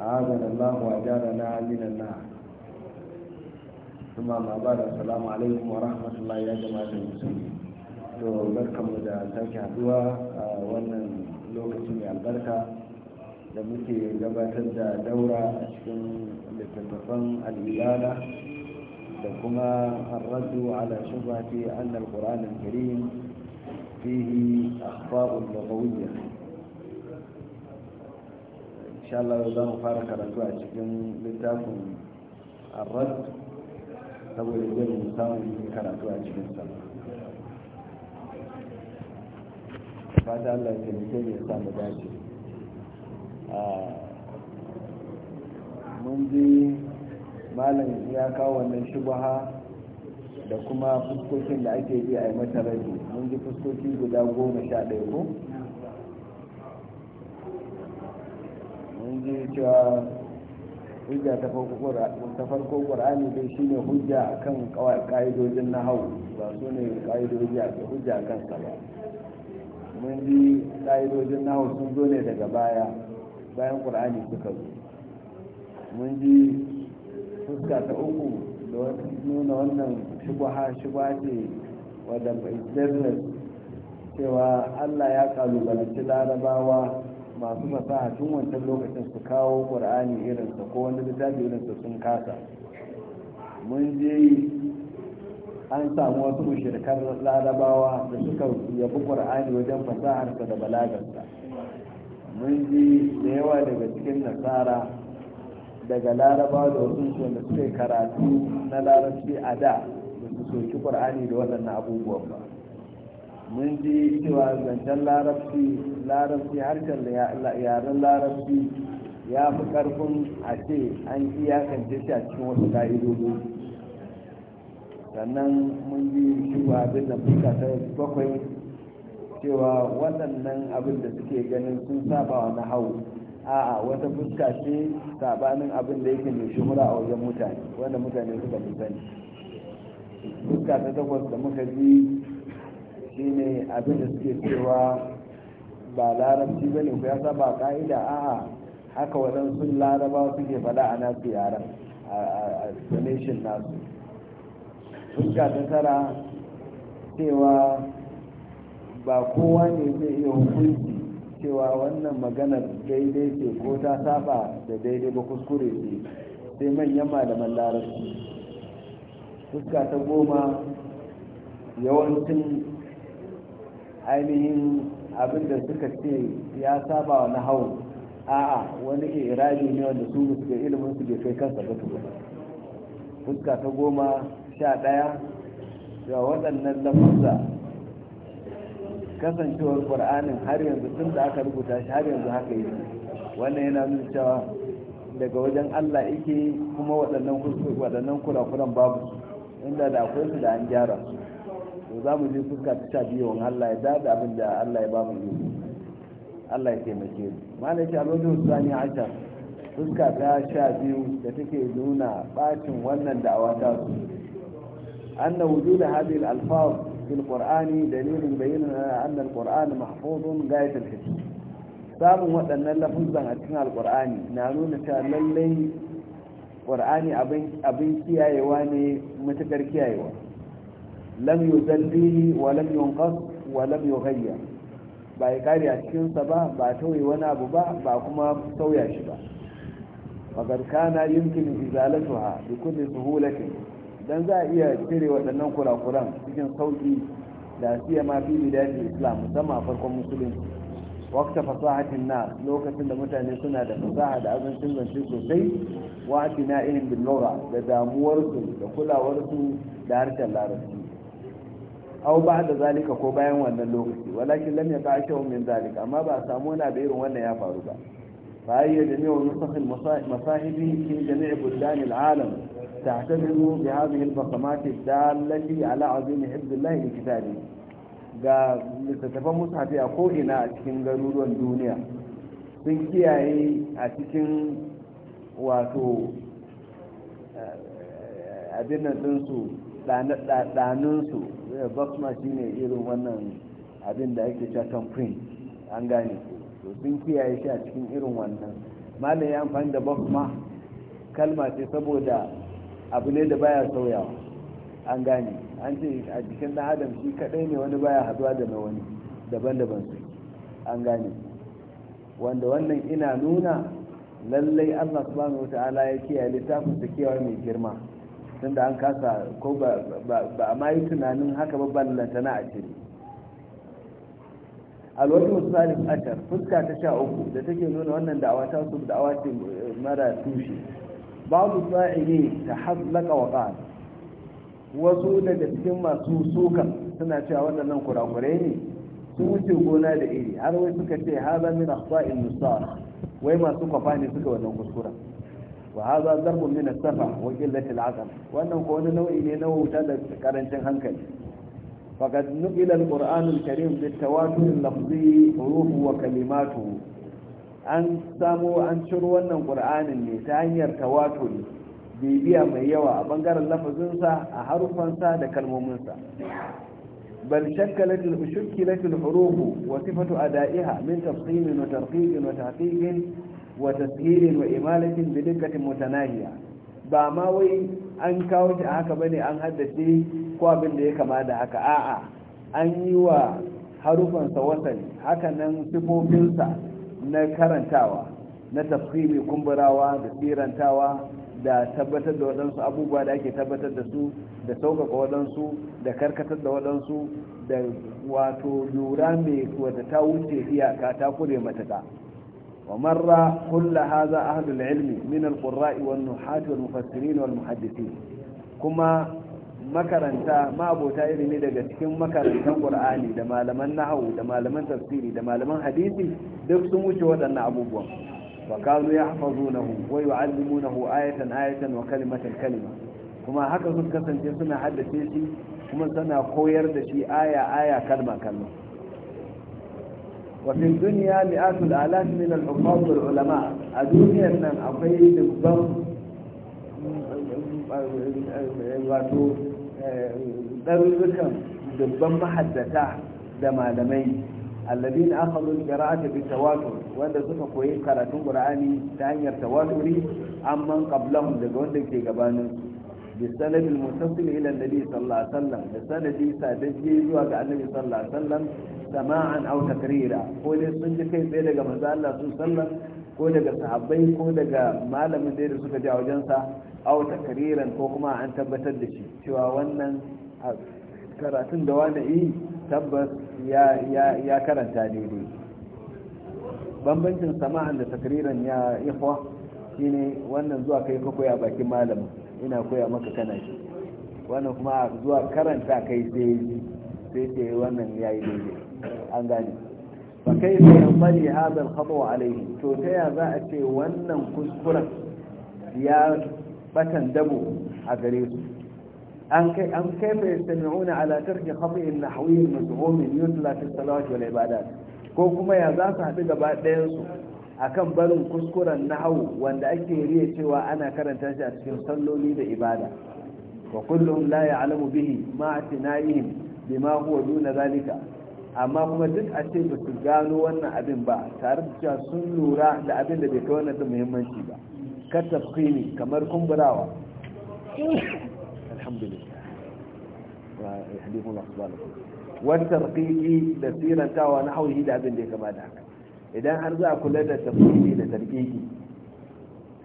أعاذنا الله وأجارنا من النار ثم ما بعد السلام عليكم ورحمة الله يا جماعة المسلمين to barkanmu da sake haduwa a wannan lokacin mai albarka da muke gabatar da daura a cikin littattafan al'ibada da kuma arraddu ala shubhati annal qur'anul karim fihi akhfa'ul lughawiyya insha Allah za mu fara karatu a cikin littafin arad saboda zai mu samu karatu a cikin sa fata Allah ya taimake ne ya samu dace mun ji malam ya kawo wannan shubaha da kuma fuskokin da ake bi a yi mata rabi mun ji fuskoki guda goma sha ɗaya ko zai cewa hujja ta farko ƙwar'ani dai shi ne hujja a kan ƙa'idojin na hau ba su ne ƙa'idoji a hujja a kansa ba mun ji ƙa'idojin na hau sun zo ne daga baya bayan ƙwar'ani suka zo mun ji fuska ta uku da nuna wannan shubaha shubaha ce wadda bai cewa allah ya kalubalanci larabawa masu fasaha tun wancan lokacin su kawo ƙur'ani irinsa ko wani littafi irinsa sun kasa mun je an samu wasu mushirkar larabawa da suka yabi ƙur'ani wajen fasaharsa da balagarsa mun ji da yawa daga cikin nasara daga larabawa da wasu wanda suka karatu na larabci a da da su soki ƙur'ani da waɗannan abubuwan ba mun ji cewa zancen larabci larabci harkar yaren larabci ya fi karfin a ce an iyakance shi a cikin wasu ka'idodi sannan mun ji cewa abin da fuka ta bakwai cewa waɗannan abin da suke ganin sun saba wa na hau a'a wata fuska ce sabanin abin da yake mai shuhura a wajen mutane wanda mutane suka fi sani fuska ta takwas da muka ji shine abin da suke cewa ba larabci ba ne ku ya saba ka'ida a'a haka waɗansu laraba suke faɗa a nasu yaran a donation nasu fuska ta tara cewa ba kowa ne zai iya hukunci cewa wannan maganar daidai ce ko ta saba da daidai ba kuskure ce sai manyan malaman larabci fuska ta goma yawancin ainihin abin da suka ce ya saba wa hau a'a wani irani ne wanda su suke ilimin su ke kai kansa ga tukuna fuska ta goma sha ɗaya ga waɗannan lafuzza kasancewar ƙur'anin har yanzu tun da aka rubuta shi har yanzu haka yi wannan yana nuna cewa daga wajen allah ike kuma waɗannan kurakuran babu inda da akwai su da an gyara su to za mu je fuska ta sha wani Allah ya dada abin da Allah ya ba mu yi Allah ya taimake mu mana ce sani ashar fuska ta sha biyu da take nuna bacin wannan da'awa ta su anna wujud hadhihi al-alfaz في القرآن دليل بين أن القرآن محفوظ غاية samun waɗannan lafuzan a cikin alƙur'ani na nuna ta lallai ƙur'ani abin kiyayewa ne matuƙar kiyayewa lam yuzallihi wa lam yunqas wa lam yughayya ba ya kare a cikin sa ba ba tauye wani abu ba ba kuma sauya shi ba fagar kana yumkin izalatuha bi kulli suhulatin dan za a iya cire waɗannan kurakuran cikin sauki da siya ma fi bidayat islam musamman a farkon musulunci wakta fasahatin na lokacin da mutane suna da fasaha da azancin zance sosai wa na ihin bil da damuwarsu da kulawarsu da harshen larabci au ba da zalika ko bayan wannan lokaci walakin lam yaqa shay'un min zalika amma ba a samu wani da irin wannan ya faru ba fa ayya ne nusakh al-masahibi fi jami'i buldan bi alam al بهذه البصمات dallati ala 'azimi حفظ li kitabi ga littattafan musafi a ko'ina a cikin garuruwan duniya sun kiyaye a cikin wato eh, abin nan ɗinsu ɗaninsu Eh, basma shine irin wannan abin da ake cewa print an gane to sun kiyaye shi a cikin irin wannan malam ya amfani da basma kalma ce saboda abu ne da baya sauyawa an gane an ce a jikin ɗan adam shi kaɗai ne wani baya haduwa da na wani daban-daban su an gane wanda wannan ina nuna lallai allah subhanahu wa ta'ala ya kiyaye littafin su kewa mai girma tunda an kasa ko ba a mayi tunanin haka ba ballanta na a cire alwatu musalin ashar fuska ta sha uku da take nuna wannan da'awa ta su da'awa ce mara tushe babu sa'ili ta haslaka wa qan wasu daga cikin masu suka suna cewa waɗannan kurakurai ne sun wuce gona da iri har wai suka ce haza min akhta'il musar wai masu kwafa ne suka wannan kuskuren wa haza darbun min as-safa wa qillati al wannan ko wani nau'i ne na wuta da karancin hankali faqad nuqila al-qur'an al-karim hurufu wa kalimatu an samo an ciro wannan qur'anin ne ta hanyar tawatur bibiya mai yawa a bangaren lafazinsa a harufansa da kalmominsa بل شكلت شكلت الحروف وصفة أدائها من تفصيل وترقيق وتحقيق wa tashirin wa imalatin bi dukkatin mutanahiya ba ma wai an kawo shi a haka bane an haddace ko abin da ya kama da haka a'a an yi wa harufansa wasali haka nan sifofinsa na karantawa na tafsiri kumburawa da tsirantawa da tabbatar da waɗansu abubuwa da ake tabbatar da su da sauƙaƙa waɗansu da karkatar da waɗansu da wato lura mai wadda ta wuce iyaka ta kure mataka ومر كل هذا أهل العلم من القراء والنحاة والمفسرين والمحدثين kuma makaranta ma'abota ilimi daga cikin makarantar qur'ani da malaman nahawu da malaman tafsiri da malaman hadisi duk sun wuce waɗannan abubuwan wa kanu yahfazunahu wa yu'allimunahu ayatan ayatan wa kalimatan kalima kuma haka sun kasance suna haddace shi kuma suna koyar da shi aya aya kalma kalma وفي الدنيا مئات الآلاف من الحفاظ والعلماء الدنيا أن أقيد الضم wato ɗarurrukan dubban mahaddata da malamai الذين أخذوا القراءة بالتواتر وأن سوف كوين قراتون قرآني تهنير تواتري عمن قبلهم لقون لك قبانون بالسند المتصل إلى النبي صلى الله عليه وسلم بالسند سادجي وقع النبي صلى الله عليه وسلم sama'an aw takrira ko dai sun ji kai tsaye daga manzo Allah su sallan ko daga sahabbai ko daga malamin da suka ji a wajen sa aw takriran ko kuma an tabbatar da shi cewa wannan karatun da wani yi tabbas ya ya ya karanta daidai bambancin sama'an da takriran ya ikhwa shine wannan zuwa kai ka koya bakin malamin ina koya maka kana shi wannan kuma zuwa karanta kai sai sai ce wannan ya yi daidai an gane fa kaifa yanbali hadha al alayhi to ta za a ce wannan kuskuren ya batan dabo a gare su an kai an kaifa yastami'una ala tarki khati'in nahwi al yutla fi salawat wal ibadat ko kuma ya za su haɗu gaba ɗayan su akan barin kuskuren nahwu wanda ake riya cewa ana karanta shi a cikin salloli da ibada wa kullum la ya'lamu bihi ma'a tinayihim bima huwa duna zalika amma kuma duk a ce ba su gano wannan abin ba tare da cewa sun lura da abin da bai kai wannan da muhimmanci ba ka tafkini kamar kumburawa alhamdulillah wa da tsirantawa na hauhi da abin da ya kama da haka idan har za a kula da tafkini da tarqiqi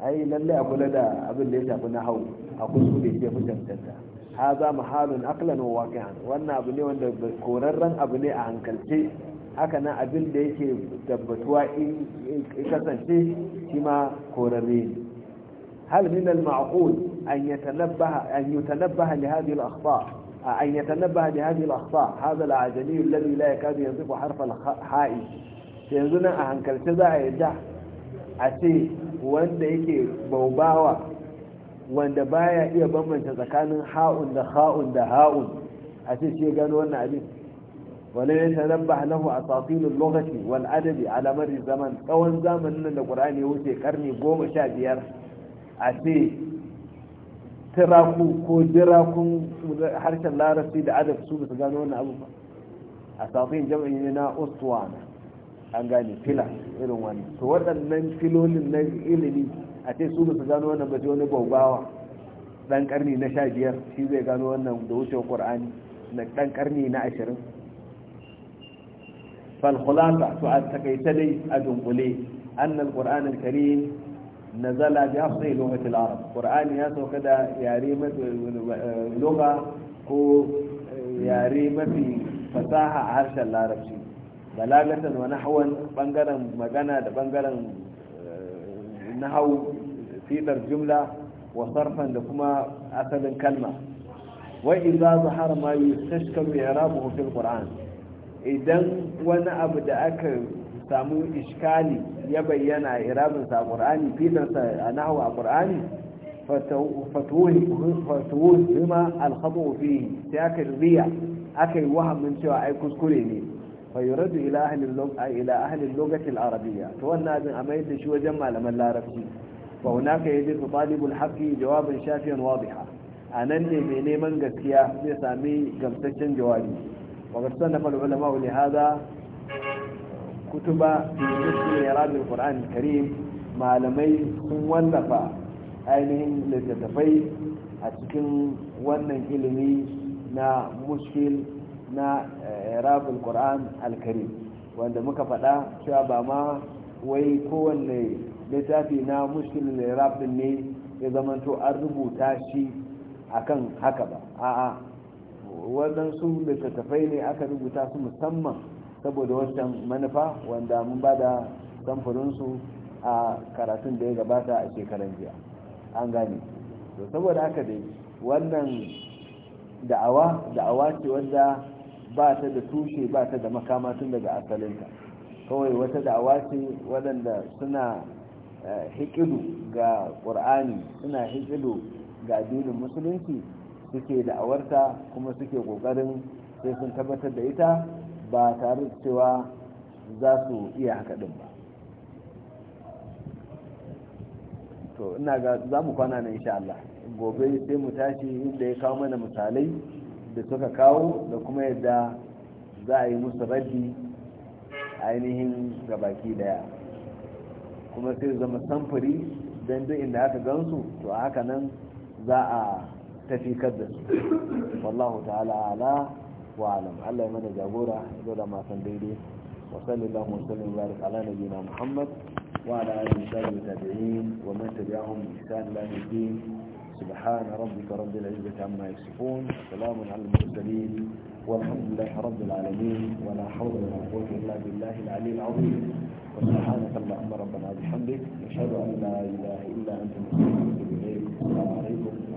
ai lalle a kula da abin da ya shafi na hau a kusur da ya fi tantanta haza mahalun aqlan wa waqi'an wannan abu ne wanda korarren abu ne a hankalce haka nan abin da yake tabbatuwa in kasance shi ma korarre ne hal min al ma'qul an yatanabbaha an yatanabbaha li hadhihi al akhta an yatanabbaha li hadhihi al akhta hadha al ajami alladhi la yakadu yanṭiqu harf al ha'i yanzu nan a hankalce za a yadda a ce wanda yake baubawa wanda baya iya bambanta tsakanin ha'un da ha'un da ha'un a ce ce gano wannan abin wala ya tanabba lahu asatilul lughati wal adabi ala marri zaman tsawon zamanin nan da qur'ani ya wuce karni 15 a ce tiraku ko jirakun harshen larabci da adab su ba su gano wannan abu ba asatil jam'i ne na uswana an gane fila irin wannan to waɗannan filolin na ilimi a ce su ba su gano wannan ba wani dan karni na sha biyar shi zai gano wannan da wuce qur'ani na dan karni na ashirin falkulata to a takaita dai a dunkule annal qur'an karim nazala bi afsai lughati al-arab qur'ani ya sauka da yare mafi lugha ko eh, yare mafi fasaha a harshen larabci balagatan wani nahwan bangaren magana da bangaren na hau fiɗar jumla wa sarfan da kuma asalin kalma wa idza zahara ma yustashkalu i'rabuhu fil qur'an idan wani abu da aka samu iskali ya bayyana i'rabin sa qur'ani fiɗar sa nahwu a qur'ani fatuwuhima al-khata fihi sai aka riya aka yi wahamin cewa ai kuskure ne fayyuradu ila ahalin lokacin arabiya ta wannan abin a mayar da shi wajen malaman larabci fa hunaka yaji su talibul haqqi jawaban shafiyan wadiha a nan ne mai neman gaskiya zai sami gamsaccen jawabi wa qad sanafa ulama li hadha kutuba fi nisbi irad al karim malamai sun wallafa ainihin littattafai a cikin wannan ilimi na muskil na eh, rafin ƙoran alkarim wanda muka faɗa cewa ba ma wai kowanne littafi na muskilin rafin ne ya zamanto an rubuta shi akan haka ba a'a waɗansu littattafai ne aka rubuta su musamman saboda wancan manufa wanda mun ba da samfurinsu a karatun da ya gabata a shekaran jiya an gane to saboda haka dai wannan da'awa da'awa ce wanda ba ta da tushe ba ta da makama tun daga asalinta kawai wata da'awa ce waɗanda suna eh, hikidu ga ƙur'ani suna hikidu ga addinin musulunci suke awarta kuma suke ƙoƙarin sai sun tabbatar da ita ba tare da cewa za su iya haka ɗin ba to ina ga za mu kwana na insha Allah gobe sai mu tashi inda ya kawo mana misalai da suka kawo da kuma yadda za a yi musu raddi ainihin gabaki daya kuma sai zama samfuri don duk inda aka gansu to a haka nan za a tafi kadda su wallahu ta'ala ala wa alam Allah ya mana jagora zo da masan daidai wa da wa sallam wa barik ala nabiyina muhammad wa ala alihi wa da tabi'in wa man tabi'ahum bi ihsan ila سبحان ربك رب العزة عما يصفون سلام على المرسلين والحمد لله رب العالمين ولا حول ولا قوة إلا بالله العلي العظيم وسبحانك اللهم ربنا بحمدك نشهد أن لا إله إلا أنت نستغفرك السلام عليكم